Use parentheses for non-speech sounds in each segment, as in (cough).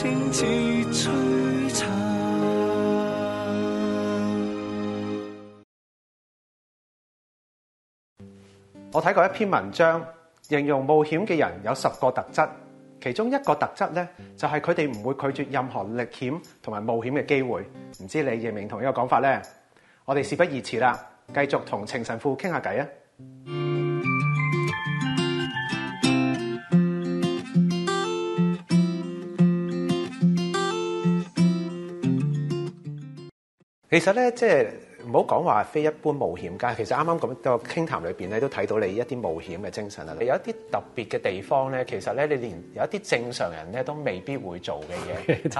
我睇過一篇文章，形容冒險嘅人有十個特質，其中一個特質咧就係佢哋唔會拒絕任何歷險同埋冒險嘅機會。唔知你認唔認同呢個講法咧？我哋事不宜遲啦，繼續同情神父傾下偈啊！其實咧，即係唔好講話非一般冒險家。其實啱啱咁個傾談裏面咧，都睇到你一啲冒險嘅精神啦。你有一啲特別嘅地方咧，其實咧，你連有一啲正常人咧都未必會做嘅嘢。 (laughs)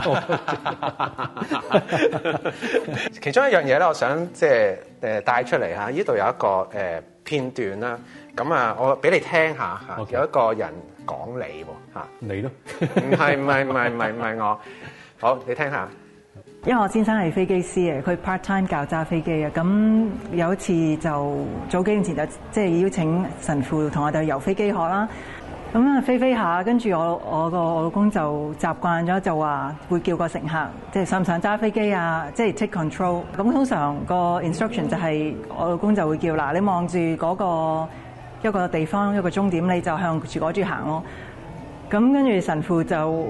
(laughs) (laughs) 其中一樣嘢咧，我想即係誒帶出嚟嚇。呢度有一個、呃、片段啦。咁啊，我俾你聽下。Okay. 有一個人講你喎、 (laughs) 啊、你咯？唔係唔係唔係唔係唔係我。好，你聽下。因為我先生係飛機師嘅，佢 part time 教揸飛機啊。咁有一次就早幾年前就即係邀請神父同我哋遊飛機河啦。咁啊飛飛下，跟住我我個老公就習慣咗就話會叫個乘客，即係想唔想揸飛機啊？即係 take control。咁通常個 instruction 就係我老公就會叫嗱，你望住嗰個一個地方、一個終點，你就向住嗰處行咯。咁跟住神父就。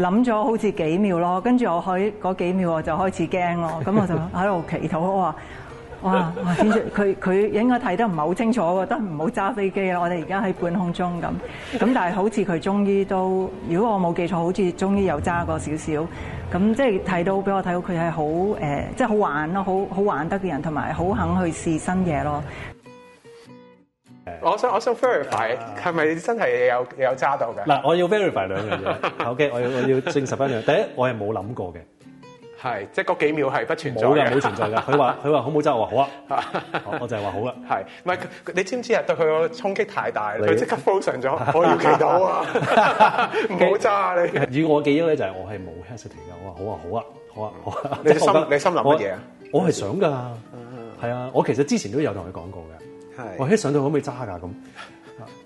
諗咗好似幾秒咯，跟住我喺嗰幾秒我就開始驚咯，咁我就喺度祈禱，我話：哇，佢佢應該睇得唔係好清楚，我覺得唔好揸飛機啦。我哋而家喺半空中咁，咁但係好似佢終於都，如果我冇記錯，好似終於又揸過少少。咁即係睇到俾我睇到佢係好誒，即係好玩咯，好好玩得嘅人，同埋好肯去試新嘢咯。我想我想 verify 係咪真係有有揸到嘅嗱？我要 verify 兩樣嘢 (laughs) ，OK，我要我要證實翻兩樣。第一，我係冇諗過嘅，係即係嗰幾秒係不存在嘅，冇存在嘅。佢話佢話好唔好揸，我話好啊，我就係話好啊。係唔係？你知唔知係對佢個衝擊太大啦？佢即刻 frozen 咗，我要祈禱啊！唔好揸啊！你。以我嘅記憶咧就係我係冇 hesitate 嘅。我話好啊，好啊， (laughs) 好啊，好啊。你心你心諗乜嘢啊？我係想噶，係、嗯、啊。我其實之前都有同佢講過嘅。我一上到可唔可以揸㗎？咁，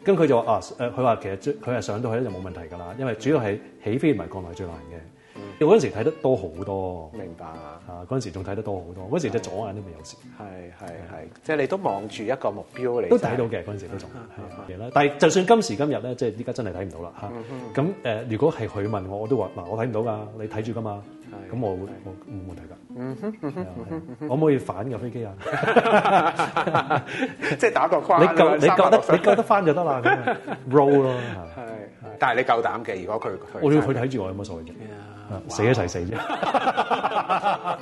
跟佢就話啊，誒佢話其實佢係上到去咧 (laughs) 就冇、啊、問題㗎啦，因為主要係起飛唔係國內最難嘅。我、嗯、嗰時睇得多好多，明白啊！嗰、啊、陣時仲睇得多好多，嗰陣時隻左眼都未有事。係係係，即係、就是、你都望住一個目標嚟，都睇到嘅嗰陣時都仲係啦。但係就算今時今日咧，即係依家真係睇唔到啦嚇。咁、嗯、誒、嗯啊，如果係佢問我，我都話嗱，我睇唔到㗎，你睇住㗎嘛，咁我冇冇問題㗎。可唔、嗯嗯嗯嗯嗯嗯嗯嗯、可以反架飛機啊？ (laughs) (laughs) (laughs) 即係打個框 (laughs) 你，你夠你夠你夠得你夠翻就得啦，roll 咯。係，但係你夠膽嘅。如果佢，佢睇住我有冇所謂啫？死一齊死啫！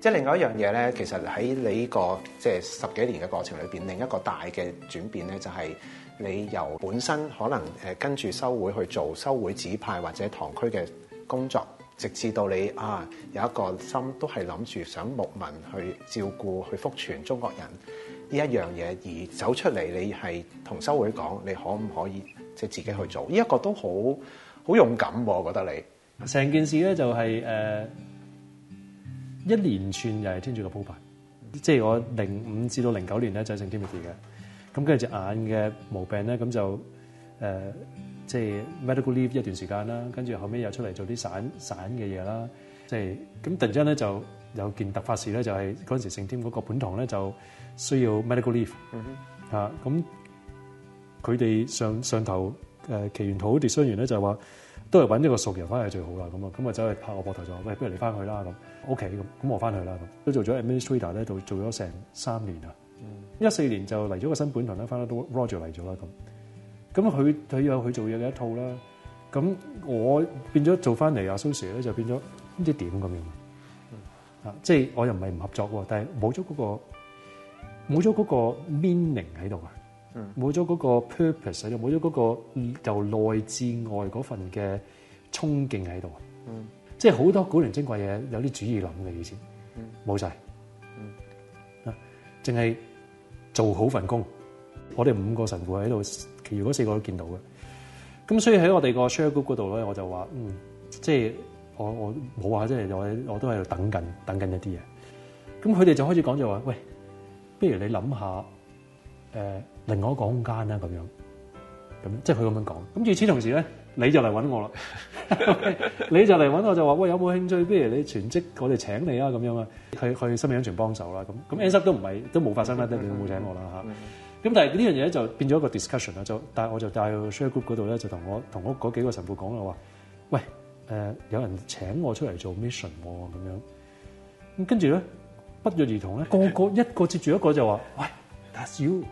即係另外一樣嘢咧，其實喺你呢個即係十幾年嘅過程裏邊，另一個大嘅轉變咧，就係你由本身可能誒跟住修會去做修會指派或者堂區嘅工作，直至到你啊有一個心都係諗住想牧民去照顧去福傳中國人呢一樣嘢，而走出嚟你係同修會講，你可唔可以即係自己去做？呢、這、一個都好好勇敢、啊，我覺得你。成件事咧就係、是呃、一連串又係天主嘅鋪排，即、就、係、是、我零五至到零九年咧就係聖 Tim 嘅事嘅，咁跟住隻眼嘅毛病咧，咁就即係、呃就是、medical leave 一段時間啦，跟住後尾又出嚟做啲散散嘅嘢啦，即係咁突然之間咧就有件突發事咧、就是，就係嗰陣時聖 Tim 嗰個本堂咧就需要 medical leave，嚇咁佢哋上上頭誒祈禱土嘅商員咧就話，都係揾一個熟人翻嚟最好啦，咁啊咁啊走去拍我膊頭咗，喂，不如你翻去啦咁，OK，咁咁我翻去啦咁，都做咗 administrator 咧，做做咗成三年啊，一、嗯、四年就嚟咗個新本堂，咧，翻到 Roger 嚟咗啦咁，咁佢佢有佢做嘢嘅一套啦，咁我變咗做翻嚟阿 Susie 咧就變咗唔知點咁樣，啊、嗯，即係我又唔係唔合作喎，但係冇咗嗰個冇咗嗰個 meaning 喺度啊。冇咗嗰個 purpose 喺度，冇咗嗰個由內至外嗰份嘅衝勁喺度，嗯，即係好多古靈精怪嘢，有啲主意諗嘅以前，冇晒。啊、嗯，淨、嗯、係做好份工。我哋五個神父喺度，其餘嗰四個都見到嘅。咁所以喺我哋個 share group 嗰度咧，我就話嗯，即係我我冇話，即係我我，我，我，我，我，我，我，我都喺度等緊等緊一啲嘢。咁佢哋就開始講就話，喂，不如你諗下，誒、呃。另外一個空間咧，咁樣，咁即係佢咁樣講。咁，自此同時咧，你就嚟揾我啦。 (laughs) (laughs) 你就嚟揾我就話：喂，有冇興趣？不如你全職，我哋請你啊，咁樣啊。去去心理安全幫手啦。咁咁，end up 都唔係都冇發生啦。 (laughs) 你都冇請我啦嚇。咁 (laughs) 但係呢樣嘢就變咗一個 discussion 啦。就帶我就帶 share group 嗰度咧，就同我同屋嗰幾個神父講啦，話：喂，誒、呃、有人請我出嚟做 mission 咁、啊、樣。咁跟住咧，不約而同咧，個個一個接住一個就話： (laughs) 喂，does you？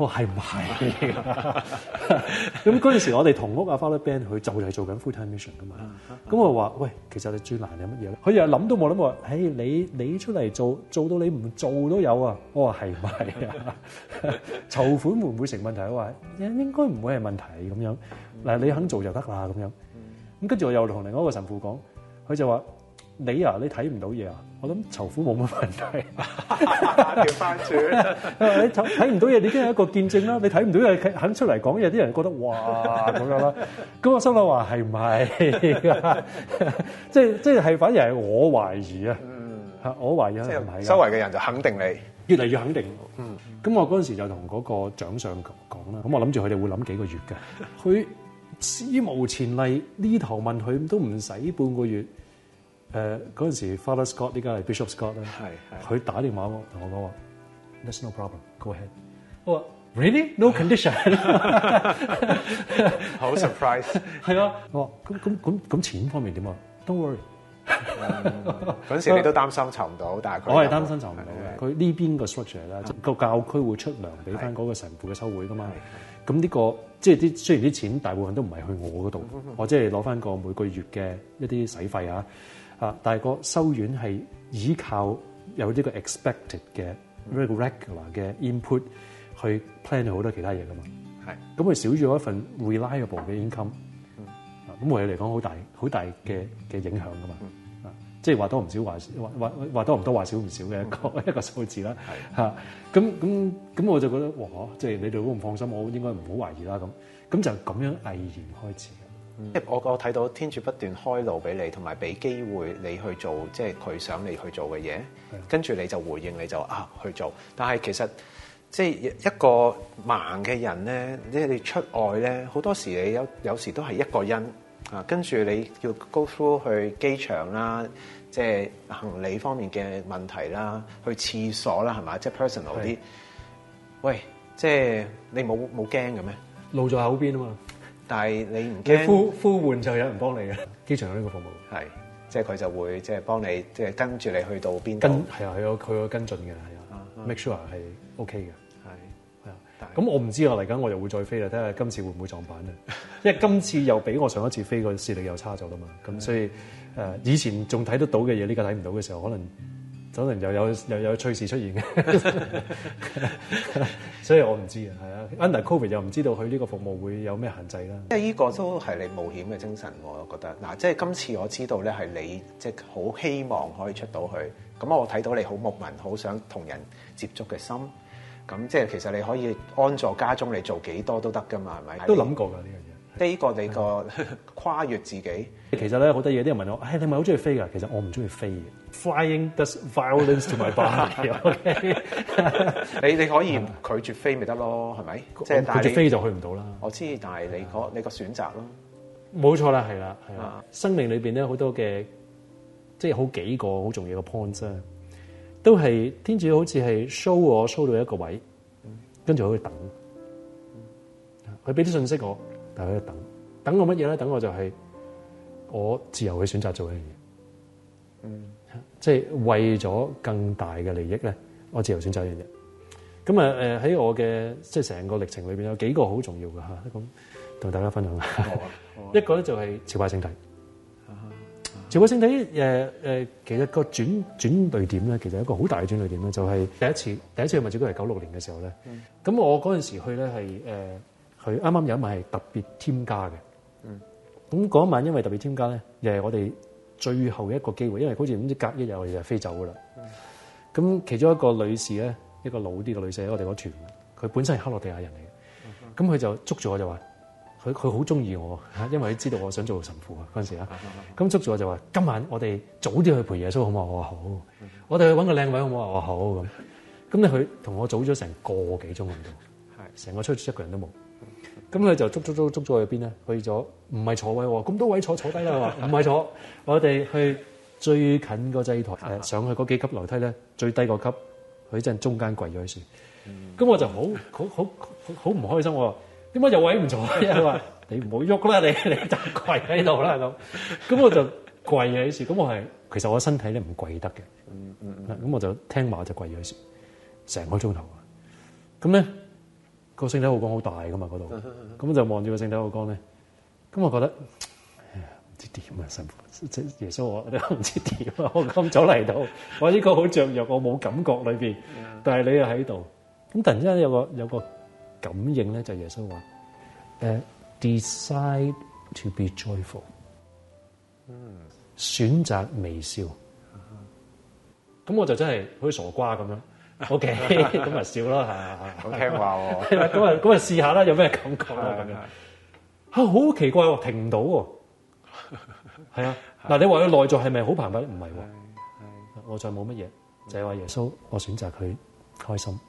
哦是不是啊、 (laughs) 那時候我係唔係？咁嗰陣時，我哋同屋阿 (laughs) Father Ben 佢就係做緊 full time mission 噶嘛。咁、 (laughs) 嗯嗯、我話：喂，其實你最難有乜嘢咧？佢又諗都冇諗喎。誒、欸，你你出嚟做做到你唔做都有啊。我話係唔係啊？籌 (laughs) 款 (laughs) 會唔會成問題？我話應應該唔會係問題咁樣。嗱、嗯，你肯做就得啦咁樣。咁跟住我又同另外一個神父講，佢就話。你啊，你睇唔到嘢啊？我諗仇富冇乜問題。大條番薯，你睇唔到嘢，你已經係一個見證啦。你睇唔到嘢肯出嚟講嘢，啲人覺得哇咁樣啦。咁我心諗話係唔係？即係即係係，反而係我懷疑啊。嗯，我懷疑係唔係？周圍嘅人就肯定你，越嚟越肯定。嗯。咁我嗰陣時就同嗰個掌相講啦。咁我諗住佢哋會諗幾個月㗎。佢史無前例，呢頭問佢都唔使半個月。誒嗰陣時 Father Scott，依家係 Bishop Scott 啦。係係。佢打電話我同我講話，There's no problem，go ahead。我話 Really？No condition？好 surprise。係咯。我話咁咁咁咁錢方面點啊？Don't worry。嗰陣時你都擔心籌唔到，但係佢我係擔心籌唔到嘅。佢呢邊個 structure 咧，個教區會出糧俾翻嗰個神父嘅收會噶嘛？咁呢個即係啲雖然啲錢大部分都唔係去我嗰度，我即係攞翻個每個月嘅一啲洗費啊。嚇！但係個修院係依靠有呢個 expected 嘅、嗯、regular 嘅 input 去 plan 好多其他嘢噶嘛，係咁佢少咗一份 reliable 嘅 income，啊咁為你嚟講好大好大嘅嘅影響噶嘛，啊即係話多唔少話少話話多唔多話少唔少嘅一個、嗯、一個數字啦。係嚇咁咁咁我就覺得哇！即係你哋都咁放心，我應該唔好懷疑啦咁，咁就咁樣毅然開始。即係我我睇到天主不斷開路俾你，同埋俾機會你去做，即係佢想你去做嘅嘢。跟住你就回應，你就啊去做。但係其實即係一個盲嘅人咧，你你出外咧，好多時你有有時都係一個人啊。跟住你要 go through 去機場啦，即係行李方面嘅問題啦，去廁所啦，係咪？即係 personal 啲。喂，即係你冇冇驚嘅咩？路在口邊啊嘛。但係你唔驚呼呼喚就有人幫你嘅，機場有呢個服務，係即係佢就會即係、就是、幫你，即、就、係、是、跟住你去到邊度跟係啊，佢有佢有跟進嘅，係啊、uh -huh.，make sure 係 OK 嘅，係、uh、係 -huh. 啊。咁我唔知啊，嚟緊我又會再飛啦，睇下今次會唔會撞板啊？ (laughs) 因為今次又比我上一次飛個視力又差咗啦嘛，咁所以誒、uh -huh. 呃、以前仲睇得到嘅嘢，呢家睇唔到嘅時候，可能。可能又有又有趣事出現嘅，所以我唔知啊，係啊，under COVID 又唔知道佢呢個服務會有咩限制啦。即係呢個都係你冒險嘅精神，我覺得嗱，即係今次我知道咧，係你即係好希望可以出到去，咁我睇到你好牧民，好想同人接觸嘅心，咁即係其實你可以安坐家中，你做幾多都得噶嘛，係咪？都諗過㗎呢樣嘢。這個呢、這個你個跨越自己，其實咧好多嘢，啲人問我，誒你咪好中意飛噶？其實我唔中意飛嘅。Flying does violence to my body、 (laughs) okay?o 你你可以拒絕飛咪得咯，係、嗯、咪？即係、就是、拒絕飛就去唔到啦。我知，但係你個、啊、你個選擇咯，冇錯啦，係啦、啊，係啦、啊啊。生命裏邊咧好多嘅，即係好幾個好重要嘅 point 啊，都係天主好似係 show 我 show 到一個位，跟住我去等，佢俾啲信息我。喺度等，等我乜嘢咧？等我就係我自由去選擇做一樣嘢，嗯，即係為咗更大嘅利益咧，我自由選擇一樣嘢。咁啊，誒，喺、呃、我嘅即係成個歷程裏邊，有幾個好重要嘅吓，咁同大家分享啦。 (laughs) 一個咧就係朝拜聖體，朝拜聖體誒誒，其實個轉轉捩點咧，其實一個好大嘅轉捩點咧，點就係第一次第一次去聖主都係九六年嘅時候咧，咁、嗯、我嗰陣時去咧係誒。佢啱啱有一晚係特別添加嘅，嗯，咁嗰晚因為特別添加咧，又係我哋最後一個機會，因為好似五隻隔一日我哋就飛走噶啦。咁其中一個女士咧，一個老啲嘅女士，喺我哋個團，佢本身係克羅地亞人嚟嘅，咁佢就捉住我就話，佢佢好中意我，因為佢知道我想做神父啊嗰陣時啊，咁捉住我就話，今晚我哋早啲去陪耶穌好嘛？我話好，我哋去揾個靚位好嘛？我話好咁，咁咧佢同我早咗成個幾鐘咁多，係成個車出出一個人都冇。咁佢就捉捉捉捉咗去邊咧？去咗唔係坐位喎，咁多位坐坐低啦？係嘛，唔係坐，我哋去最近個祭台，上去嗰幾級樓梯咧，最低個級，佢陣中間跪咗喺樹。咁我就好好好好唔開心，點解有位唔坐啊？佢話你唔好喐啦，你你就跪喺度啦咁。咁我就跪喺樹，咁我係其實我身體咧唔跪得嘅。咁我就聽話我就跪咗喺樹，成個鐘頭啊。咁咧。個聖體奧光好大噶嘛？嗰度咁就望住個聖體奧光咧，咁我覺得唔知點啊！辛苦，即耶穌話：，我唔知點啊！我咁早嚟到， (laughs) 我呢個好雀躍，我冇感覺裏邊， (laughs) 但係你又喺度，咁突然之間有個有個感應咧，就是、耶穌話：，誒、 (laughs) uh,，decide to be joyful， (laughs) 選擇微笑。咁 (laughs) 我就真係好似傻瓜咁樣。OK，咁咪笑啦，係嘛，好聽話喎。咁啊，咁啊，試下啦，有咩感覺啊咁樣？吓，好奇怪喎，停唔到喎。係啊，嗱，你話佢內在係咪好澎湃？唔係喎，內在冇乜嘢，就係話耶穌，我選擇佢，開心。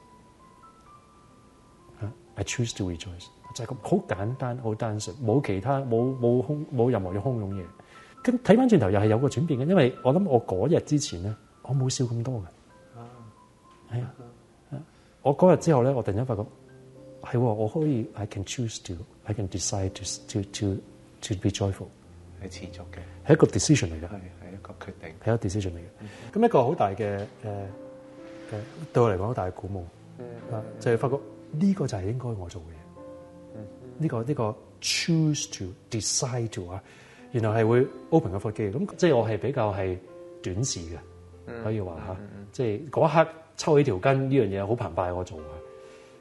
吓，I choose to rejoice，就係咁，好簡單，好單純，冇其他，冇冇空，冇任何嘅空虛嘢。咁睇翻轉頭又係有個轉變嘅，因為我諗我嗰日之前咧，我冇笑咁多嘅。係啊，我嗰日之後咧，我突然間發覺係、啊，我可以 I can choose to, I can decide to to to to be joyful。係持續嘅，係一個 decision 嚟嘅，係係一個決定，係一個 decision 嚟嘅。咁一個好大嘅誒、uh,，對我嚟講好大嘅鼓舞啊，啊，就係、是、發覺呢、這個就係應該我做嘅嘢。呢、啊這個呢、這個 choose to decide to 啊，然後係會 open 個腹機咁，即係我係比較係短視嘅。嗯、可以話吓、嗯，即係嗰、嗯嗯、一刻抽起條筋呢樣嘢好澎湃，嗯、我做啊！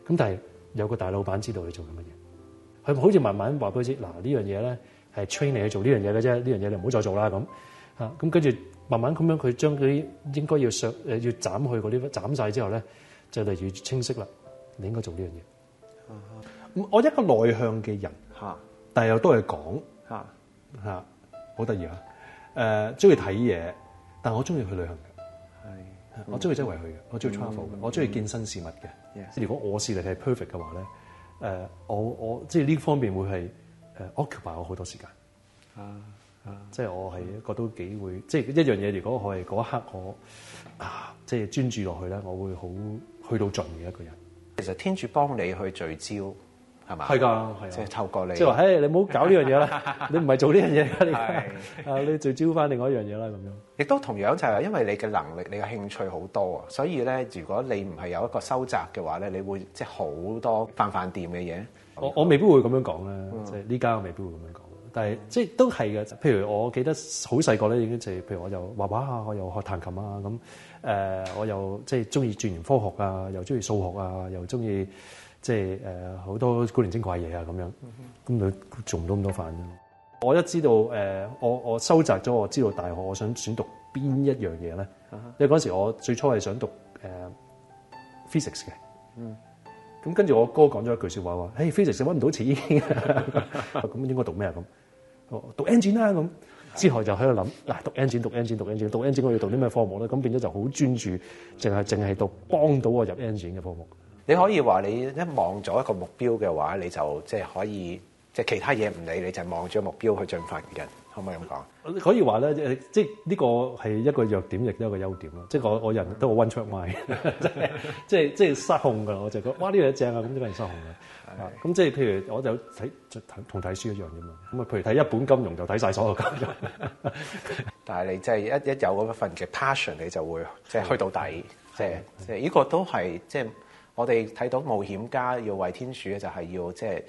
咁但係有個大老闆知道你做緊乜嘢，佢好似慢慢話俾你知，嗱呢樣嘢咧係 train 你去做呢樣嘢嘅啫，呢樣嘢你唔好再做啦咁啊！咁跟住慢慢咁樣，佢將嗰啲應該要削誒要斬去嗰啲斬晒之後咧，就例如清晰啦，你應該做呢樣嘢。我一個內向嘅人，吓、嗯，但係又多嘢講，吓、嗯、吓，好得意啊！誒、呃，中意睇嘢，但我中意去旅行的。我中意周圍去嘅，我中意 travel 嘅，我中意見新事物嘅、嗯嗯。如果我視力係 perfect 嘅話咧，誒、呃，我我即係呢方面會係誒、呃、occupy 我好多時間。啊啊！即係我係一個都幾會，嗯、即係一樣嘢。如果我係嗰一刻我啊，即係專注落去咧，我會好去到盡嘅一個人。其實天主幫你去聚焦。係嘛？係噶，即係、就是、透過你。即係話，誒，你唔好搞呢樣嘢啦，你唔係做呢樣嘢，啊，你聚焦翻另外一樣嘢啦，咁樣。亦都同樣就係因為你嘅能力、你嘅興趣好多啊，所以咧，如果你唔係有一個收窄嘅話咧，你會即係好多泛泛店嘅嘢。我我未必會咁樣講咧，即係呢家我未必會咁樣講，但係、嗯、即係都係嘅。譬如我記得好細個咧，已經就譬如我又畫畫啊，我又學彈琴啊，咁誒，我又即係中意自然科學啊，又中意數學啊，又中意。即係誒好多古靈精怪嘢啊咁樣，咁佢做唔到咁多飯。我一知道誒、呃，我我收窄咗我知道大學，我想選讀邊一樣嘢咧？Uh -huh. 因為嗰時我最初係想讀誒、呃、physics 嘅，嗯，咁跟住我哥講咗一句説話話，誒、hey, physics 揾唔到錢，咁 (laughs) (laughs) 應該讀咩啊咁？讀 engine 啦、啊、咁。之後就喺度諗，嗱，讀 engine，讀 engine，讀 engine，讀 engine，我要讀啲咩科目咧？咁變咗就好專注，淨係淨係讀幫到我入 engine 嘅科目。你可以話你一望咗一個目標嘅話，你就即係可以，即係其他嘢唔理，你就望咗目標去進發嘅，可唔可以咁講？可以話咧，即係呢個係一個弱點，亦都一個優點咯、嗯。即係我我人都好 one track mind，即係即係失控噶，我就覺得哇呢、這個、樣正啊，咁點解失控啊。咁即係譬如我就睇同睇書一樣啫嘛。咁啊，譬如睇一本金融就睇晒所有金融。 (laughs) 但係你即係一一有嗰份嘅 passion，你就會即係去到底，即係即呢、這個都係即係。我哋睇到冒險家要為天主咧，就係要即係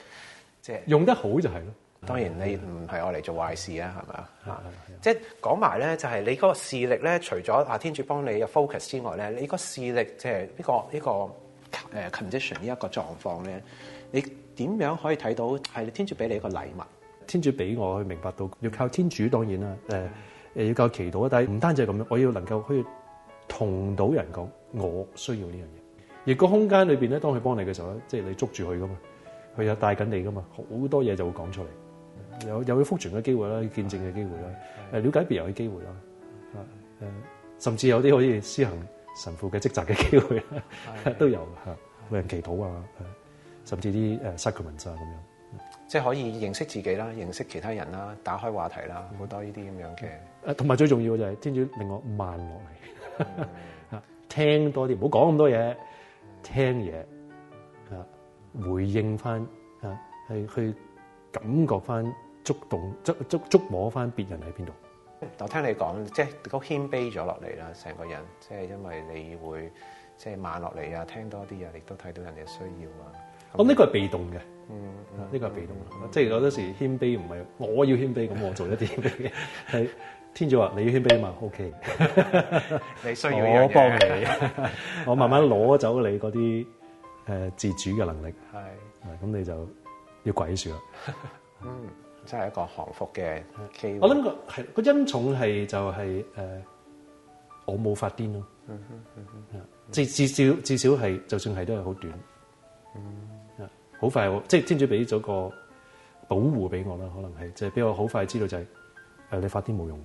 即係用得好就係咯。當然你唔係我嚟做壞事啊，係咪啊？啊，即係講埋咧，就係、是、你個視力咧，除咗阿天主幫你有 focus 之外咧，你事就是、這個視力即係呢個呢個誒 condition 呢一個狀況咧，你點樣可以睇到係天主俾你一個禮物？天主俾我去明白到，要靠天主當然啦。誒、呃、誒要靠祈禱啊，但係唔單止係咁樣，我要能夠去同到人講我需要呢樣嘢。而個空間裏面，咧，當佢幫你嘅時候咧，即係你捉住佢噶嘛，佢又帶緊你噶嘛，好多嘢就會講出嚟，有有去福傳嘅機會啦，見證嘅機會啦，誒了解別人嘅機會啦，甚至有啲可以施行神父嘅職責嘅機會啦，都有嚇，為人祈禱啊，甚至啲誒聖事啊咁樣，即係可以認識自己啦，認識其他人啦，打開話題啦，好多呢啲咁樣嘅，同埋最重要就係、是、天主令我慢落嚟，嚇，聽多啲，唔好講咁多嘢。聽嘢啊，回應翻啊，係去感覺翻、觸動、捉捉捉摸翻別人喺邊度。我聽你講，即係都謙卑咗落嚟啦，成個人，即係因為你會即係慢落嚟啊，聽多啲啊，亦都睇到人哋嘅需要啊。咁呢個係被動嘅，嗯，呢個係被動，即係有啲時謙卑唔係我要謙卑，咁我做一啲咩嘅係。天主話、啊：你要謙卑嘛？O K，你需要我幫你。我慢慢攞走你嗰啲自主嘅能力。咁你就要跪住啦。嗯，真係一個降服嘅機會。我諗個係個恩寵係就係我冇發癲咯。至少至少係，就算係都係好短。好快即即天主俾咗個保護俾我啦，可能係即俾我好快知道就係、誒、你發癲冇用。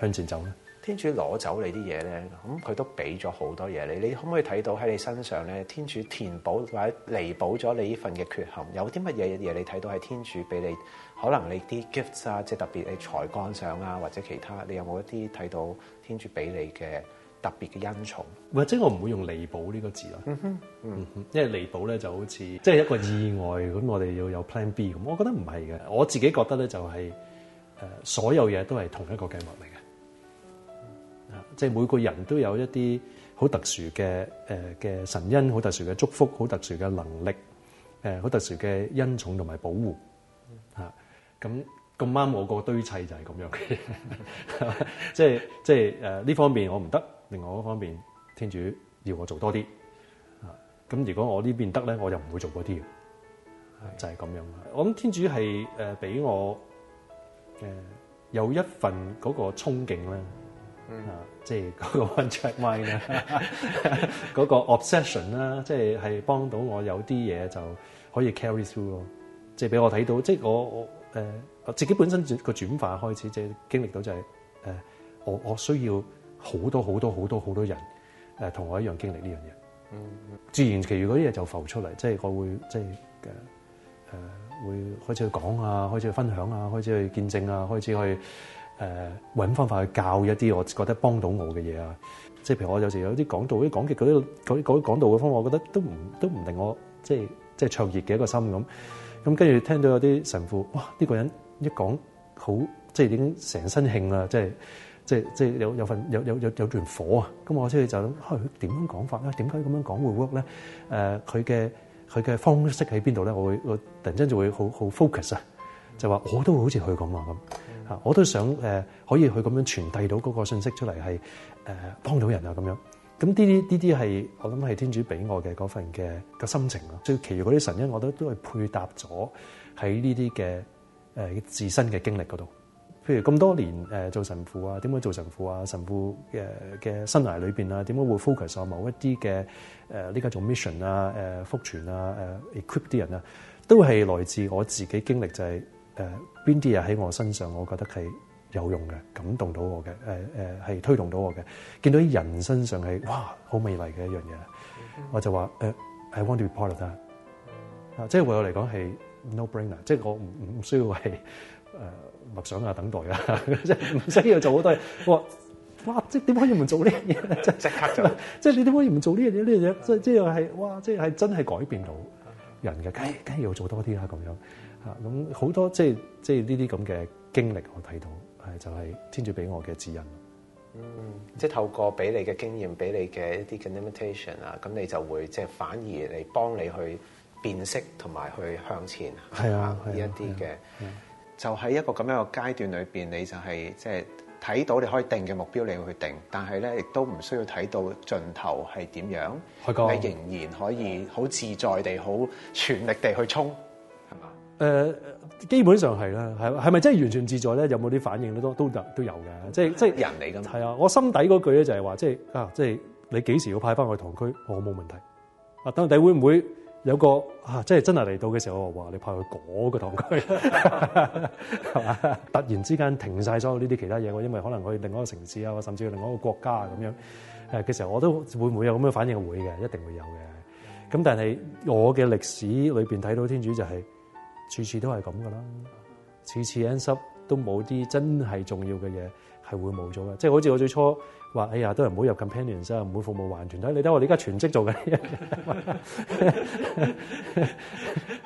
向前走咧，天主攞走你啲嘢咧，咁佢都俾咗好多嘢你。你可唔可以睇到喺你身上咧，天主填補或者彌補咗你呢份嘅缺陷？有啲乜嘢嘢你睇到係天主俾你？可能你啲 gift 啊，即係特別你才幹上啊，或者其他，你有冇一啲睇到天主俾你嘅特別嘅恩寵？或者我唔會用彌補呢個字咯， (laughs) 因為彌補咧就好似即係一個意外咁， (laughs) 我哋要有 plan B 咁，我覺得唔係嘅，我自己覺得咧就係、是。誒，所有嘢都係同一個計劃嚟嘅，即係每個人都有一啲好特殊嘅誒嘅神恩，好特殊嘅祝福，好特殊嘅能力，誒，好特殊嘅恩寵同埋保護，吓，咁咁啱我個堆砌就係咁樣嘅，即係即係誒呢方面我唔得，另外嗰方面天主要我做多啲，啊，咁如果我呢邊得咧，我就唔會做嗰啲嘅，就係、是、咁樣啦。我諗天主係誒俾我。誒、呃，有一份嗰個憧憬咧，嗯、啊，即係嗰、那個 projective 嗰個 obsession 啦，即係係幫到我有啲嘢就可以 carry through 咯，即係俾我睇到，即係我我誒、呃、自己本身個轉化開始，即係經歷到就係、是、誒、呃，我我需要好多好多好多好多人誒同我一樣經歷呢樣嘢，嗯、自然其馀嗰啲嘢就浮出嚟，即係我會即係嘅誒。呃會開始去講啊，開始去分享啊，開始去見證啊，開始去誒揾方法去教一啲我覺得幫到我嘅嘢啊。即係譬如我有時有啲講道，啲講極嗰啲嗰啲嗰啲講道嘅方法，我覺得都唔都唔令我即係即係灼熱嘅一個心咁。咁跟住聽到有啲神父，哇！呢個人一講好，即係已經成身興啦，即係即係即係有有份有有有有段火啊。咁我即係就諗，嚇點樣講法咧？點解咁樣講會 work 咧？誒，佢嘅。佢嘅方式喺邊度咧？我會我突然間就會好好 focus 啊！就話我都會好似佢咁啊咁啊，我都想誒、呃、可以去咁樣傳遞到嗰個信息出嚟，係誒幫到人啊咁樣，咁呢啲呢啲係我諗係天主俾我嘅份嘅嘅心情咯。最其餘啲神恩，我都都係配搭咗喺呢啲嘅誒自身嘅經歷度。譬如咁多年、呃、做神父啊，點樣做神父啊？神父嘅嘅生涯裏面啊，點解會 focus 喺某一啲嘅誒呢？家、呃、做 mission 啊、誒福傳啊、呃、equip 啲人啊，都係來自我自己經歷，就係誒邊啲人喺我身上，我覺得係有用嘅，感動到我嘅誒係推動到我嘅，見到人身上係哇，好美麗嘅一樣嘢，mm -hmm. 我就話、uh, I want to be part of、mm、h -hmm. that 即係為我嚟講係 no brainer，即係我唔唔需要係誒。呃默想啊，等待啊，即係唔需要做好多嘢。我哇，即係點解要唔做呢樣嘢，即係即刻即係你點解要唔做呢樣嘢？呢樣嘢即係即係係哇，即係係真係改變到人嘅，梗係梗係要做多啲啦。咁樣啊，咁好多即係即係呢啲咁嘅經歷我，就是、我睇到係就係天主俾我嘅指引。嗯，即係透過俾你嘅經驗，俾你嘅一啲嘅 limitation 啊，咁你就會即係反而嚟幫你去辨識同埋去向前。係啊，呢、啊、一啲嘅。就喺一個咁樣嘅階段裏邊，你就係即係睇到你可以定嘅目標，你要去定。但係咧，亦都唔需要睇到盡頭係點樣。開哥，你仍然可以好自在地、好全力地去衝，係嘛？誒、呃，基本上係啦。係係咪真係完全自在咧？有冇啲反應咧？都都都有嘅。即即係人嚟㗎。係啊，我心底嗰句咧就係話，即係啊，即係你幾時要派翻去堂區，我冇問題。啊，到底會唔會？有個啊，即係真係嚟到嘅時候，我話你派去嗰個堂區， (laughs) (laughs) (laughs) 突然之間停晒所有呢啲其他嘢，我因為可能可以去另外一個城市啊，甚至去另外一個國家咁樣誒嘅、啊、時候，我都會唔會有咁樣反應？會嘅，一定會有嘅。咁但係我嘅歷史裏面睇到天主就係、是、次次都係咁噶啦，次次 end up 都冇啲真係重要嘅嘢。係會冇咗嘅，即係好似我最初話，哎呀，都係唔好入 companions 啊，唔好服務環全體。你睇我，你而家全職做緊，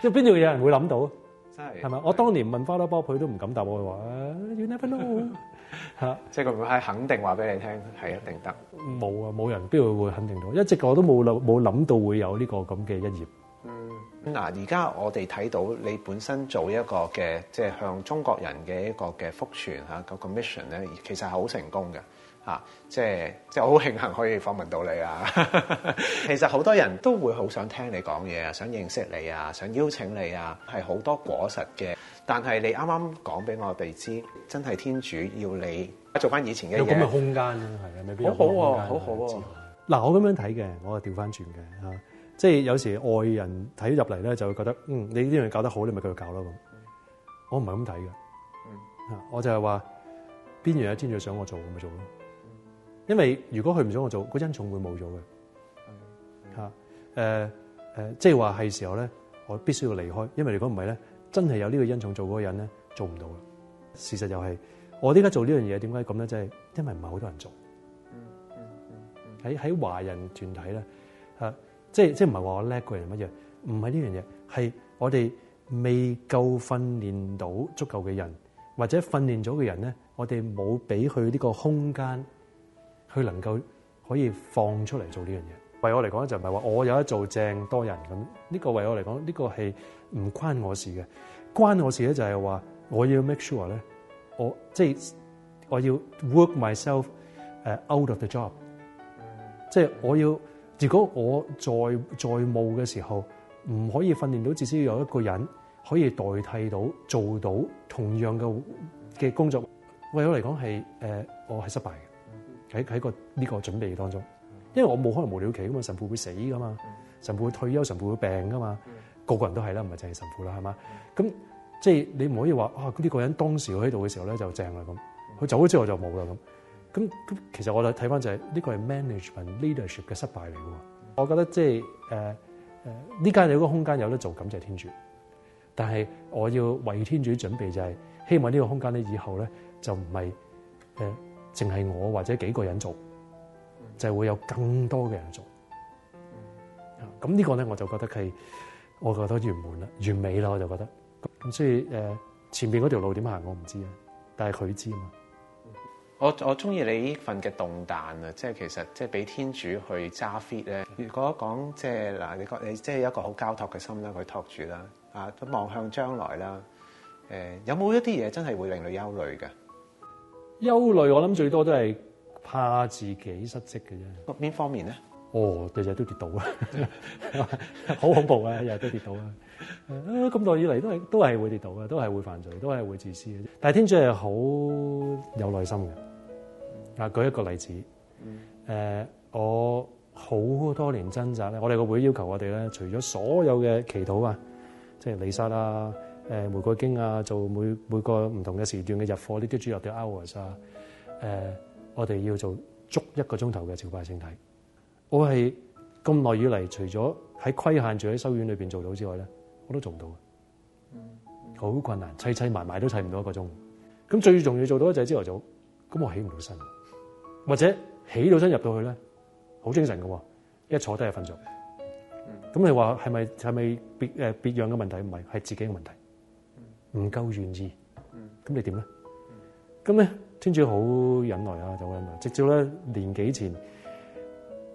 即係邊度有人會諗到？真係，係咪？我當年問花多波，佢都唔敢答我，話，You never know。嚇，即係佢唔係肯定話俾你聽，係一定得。冇啊，冇人邊度會肯定到？一直我都冇諗，冇諗到會有呢個咁嘅一頁。嗱，而家我哋睇到你本身做一個嘅，即係向中國人嘅一個嘅福傳吓，嗰個 mission 咧，其實係好成功嘅，吓，即係即係好慶幸可以訪問到你啊！ (laughs) 其實好多人都會好想聽你講嘢啊，想認識你啊，想邀請你啊，係好多果實嘅。但係你啱啱講俾我哋知，真係天主要你做翻以前嘅嘢。有咁嘅空間咧，係咪？好好啊，好好啊。嗱，我咁樣睇嘅，我係調翻轉嘅即係有時外人睇入嚟咧，就會覺得嗯，你呢樣搞得好，你咪繼續搞咯。咁我唔係咁睇嘅，啊、嗯，我就係話邊樣有天主想我做，我咪做咯。因為如果佢唔想我做，個恩寵會冇咗嘅嚇。誒、嗯、誒、啊，即係話係時候咧，我必須要離開，因為如果唔係咧，真係有呢個恩寵做嗰個人咧做唔到啦。事實又、就、係、是、我依家做呢樣嘢，點解咁咧？即係因為唔係好多人做喺喺、嗯嗯、華人團體咧嚇。啊。即係即係唔係話我叻過人乜嘢？唔係呢樣嘢，係我哋未夠訓練到足夠嘅人，或者訓練咗嘅人咧，我哋冇俾佢呢個空間，佢能夠可以放出嚟做呢樣嘢。為我嚟講，就唔係話我有得做正多人咁。呢個為我嚟講，呢個係唔關我事嘅。關我事咧就係話，我要 make sure 咧，我即係我要 work myself 誒 out of the job，即係我要。如果我在在墓嘅時候唔可以訓練到至少有一個人可以代替到做到同樣嘅嘅工作，為我嚟講係誒，我係失敗嘅喺喺個呢個準備當中，因為我冇可能無了期噶嘛，神父會死噶嘛，神父會退休，神父會病噶嘛，個個人都係啦，唔係淨係神父啦，係嘛？咁即係你唔可以話啊呢個人當時喺度嘅時候咧就正啦咁，佢走咗之後就冇啦咁。咁咁，其實我睇翻就係呢個係 management leadership 嘅失敗嚟嘅喎。我覺得即係誒呢間有個空間有得做，感謝天主。但係我要為天主準備就係希望呢個空間咧，以後咧就唔係誒淨係我或者幾個人做，就係會有更多嘅人做。咁呢個咧我就覺得係，我覺得圓滿啦、完美啦，我就覺得。咁所以誒，前面嗰條路點行我唔知啊，但係佢知啊嘛。我我中意你呢份嘅動彈啊！即係其實即係俾天主去揸 fit 咧。如果講即係嗱，你覺得你即係一個好交託嘅心啦，佢托住啦啊，望向將來啦，呃。有冇一啲嘢真係會令你憂慮㗎？憂慮我諗最多都係怕自己失職嘅啫。邊方面咧？哦，日日都跌倒啊！好 (laughs) (laughs) 恐怖啊！日日都跌倒啊！咁耐以嚟都係都係會跌倒嘅，都係會犯罪，都係會自私嘅。但係天主係好有耐心嘅。嗱，舉一個例子，誒、呃，我好多年掙扎咧，我哋個會要求我哋咧，除咗所有嘅祈禱啊，即係彌撒啊，誒、呃，玫瑰經啊，做每每個唔同嘅時段嘅日課呢啲注入啲 hours 啊，誒、呃，我哋要做足一個鐘頭嘅朝拜聖體，我係咁耐以嚟，除咗喺規限住喺修院裏邊做到之外咧，我都做唔到，好困難，砌砌埋埋都砌唔到一個鐘，咁最重要做到就係朝頭早，咁我起唔到身。或者起到身入到去咧，好精神嘅喎，一坐低係瞓著。咁你話係咪係咪別誒別樣嘅問題？唔係，係自己嘅問題，唔夠願意。咁你點咧？咁咧天主好忍耐啊，就咁啊！直至咧年幾前，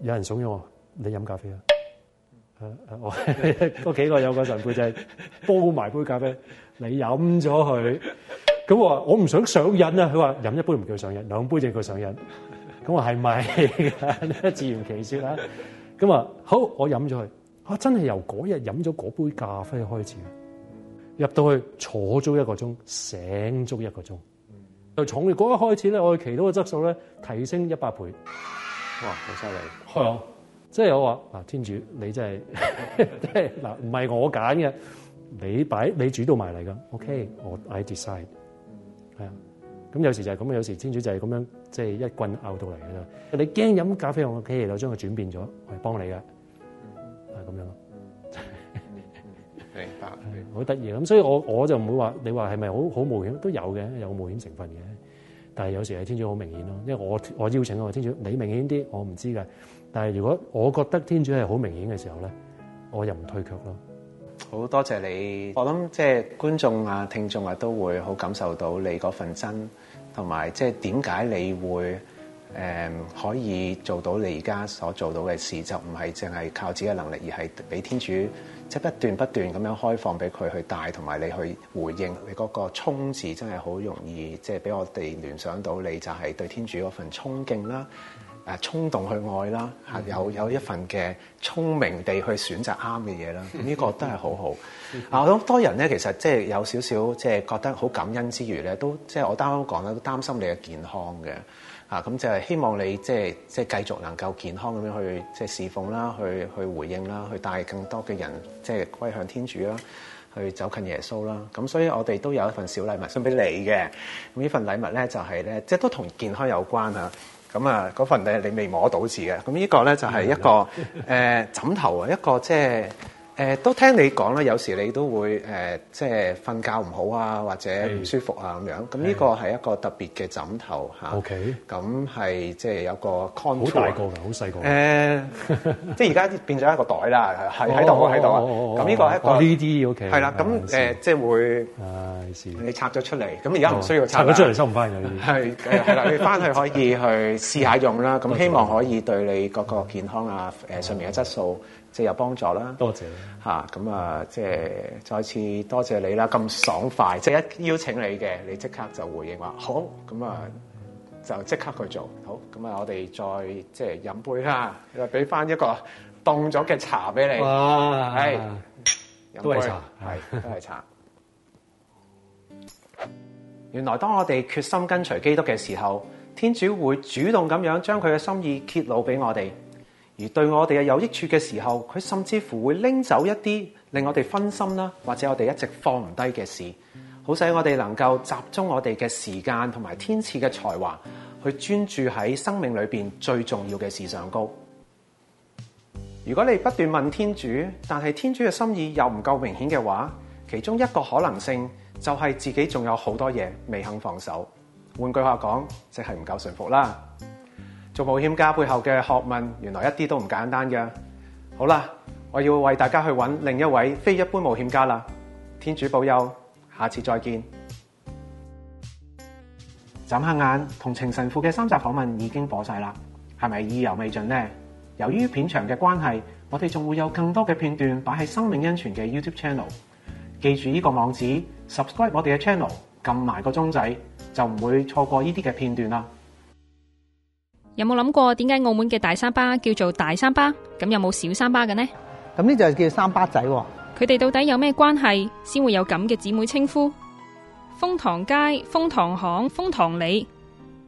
有人慫恿我，你飲咖啡呀？我嗰幾個有個神父就係煲埋杯咖啡，你飲咗佢。咁我話我唔想上癮啊！佢話飲一杯唔叫上癮，兩杯就叫上癮。咁話係咪？自圓其説啊！咁啊，好，我飲咗佢真係由嗰日飲咗嗰杯咖啡開始，入到去坐足一個鐘，醒足一個鐘，就從嗰一開始咧，我嘅祈禱嘅質素咧提升一百倍。哇！好犀利，係即係我話嗱，天主，你真係即係嗱，唔 (laughs) 係我揀嘅，你擺你主導埋嚟噶。OK，我 I decide 啊。咁有時就係咁啊，有時天主就係咁樣。即係一棍拗到嚟嘅啫，你驚飲咖啡我企嚟就將佢轉變咗，我係幫你嘅，係咁樣咯，明白，好得意咁，所以我我就唔會話你話係咪好好冒險都有嘅，有冒險成分嘅，但係有時係天主好明顯咯，因為我我邀請我天主，你明顯啲我唔知㗎。但係如果我覺得天主係好明顯嘅時候咧，我又唔退卻咯。好多謝你，我諗即係觀眾啊、聽眾啊都會好感受到你嗰份真。同埋，即係點解你會誒、嗯、可以做到你而家所做到嘅事，就唔係淨係靠自己能力，而係俾天主即係、就是、不斷不斷咁樣開放俾佢去帶，同埋你去回應你嗰個衝字，真係好容易，即係俾我哋聯想到你就係對天主嗰份衝勁啦。誒衝動去愛啦，嚇有有一份嘅聰明地去選擇啱嘅嘢啦，咁呢個都係好好。啊，好多人咧其實即係有少少即係覺得好感恩之餘咧，都即係我啱啱講啦，都擔心你嘅健康嘅。啊，咁就係希望你即係即係繼續能夠健康咁樣去即係侍奉啦，去去回應啦，去帶更多嘅人即係歸向天主啦，去走近耶穌啦。咁所以我哋都有一份小禮物送俾你嘅。咁呢份禮物咧就係咧，即係都同健康有關嚇。咁啊，嗰份嘅你未摸到字嘅，咁呢個咧就係一個誒枕頭啊， (laughs) 一個即係。誒都聽你講啦，有時你都會誒即係瞓覺唔好啊，或者唔舒服啊咁樣。咁呢個係一個特別嘅枕頭嚇。O、okay、K。咁係即係有個 control。好大個㗎，好細個。誒，即係而家變咗一個袋啦，喺喺度喺度啊。咁、oh、呢、oh、個係一個呢啲 O K。係、oh、啦、okay，咁誒即係會。唉， (laughs) 你拆咗出嚟，咁而家唔需要拆。拆咗出嚟收唔翻㗎呢係係啦，你翻去可以去試下用啦。咁、 (laughs) 嗯、希望可以對你個個健康啊，誒睡眠嘅質素。即有幫助啦，多謝啦吓，咁啊，即係再次多謝你啦，咁爽快，即係一邀請你嘅，你即刻就回應話好，咁啊就即刻去做好，好，咁啊，我哋再即係飲杯啦，又俾翻一個凍咗嘅茶俾你，哇，係飲杯茶，係都係茶。原來當我哋決心跟隨基督嘅時候，天主會主動咁樣將佢嘅心意揭露俾我哋。而對我哋有益處嘅時候，佢甚至乎會拎走一啲令我哋分心啦，或者我哋一直放唔低嘅事，好使我哋能夠集中我哋嘅時間同埋天賜嘅才華，去專注喺生命裏面最重要嘅事上高。如果你不斷問天主，但係天主嘅心意又唔夠明顯嘅話，其中一個可能性就係自己仲有好多嘢未肯放手。換句話講，即係唔夠順服啦。做冒險家背後嘅學問，原來一啲都唔簡單嘅。好啦，我要為大家去揾另一位非一般冒險家啦。天主保佑，下次再見。眨下眼，同情神父嘅三集訪問已經播晒啦，係咪意猶未盡呢？由於片長嘅關係，我哋仲會有更多嘅片段擺喺生命恩泉嘅 YouTube channel。記住呢個網址，subscribe 我哋嘅 channel，撳埋個鐘仔就唔會錯過呢啲嘅片段啦。有冇諗過點解澳門嘅大三巴叫做大三巴？咁有冇小三巴嘅呢？咁呢就係叫三巴仔，哦。佢哋到底有咩關係先會有咁嘅姊妹稱呼？風塘街、風塘巷、風塘里。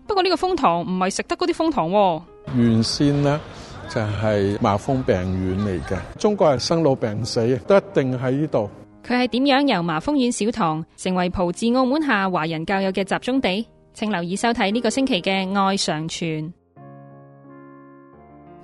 不過呢個蜂糖唔係食得嗰啲蜂糖。原先呢就係麻風病院嚟嘅。中國係生老病死都一定喺呢度。佢係點樣由麻風院小堂成為葡治澳門下華人教友嘅集中地？請留意收睇呢個星期嘅《愛常傳》。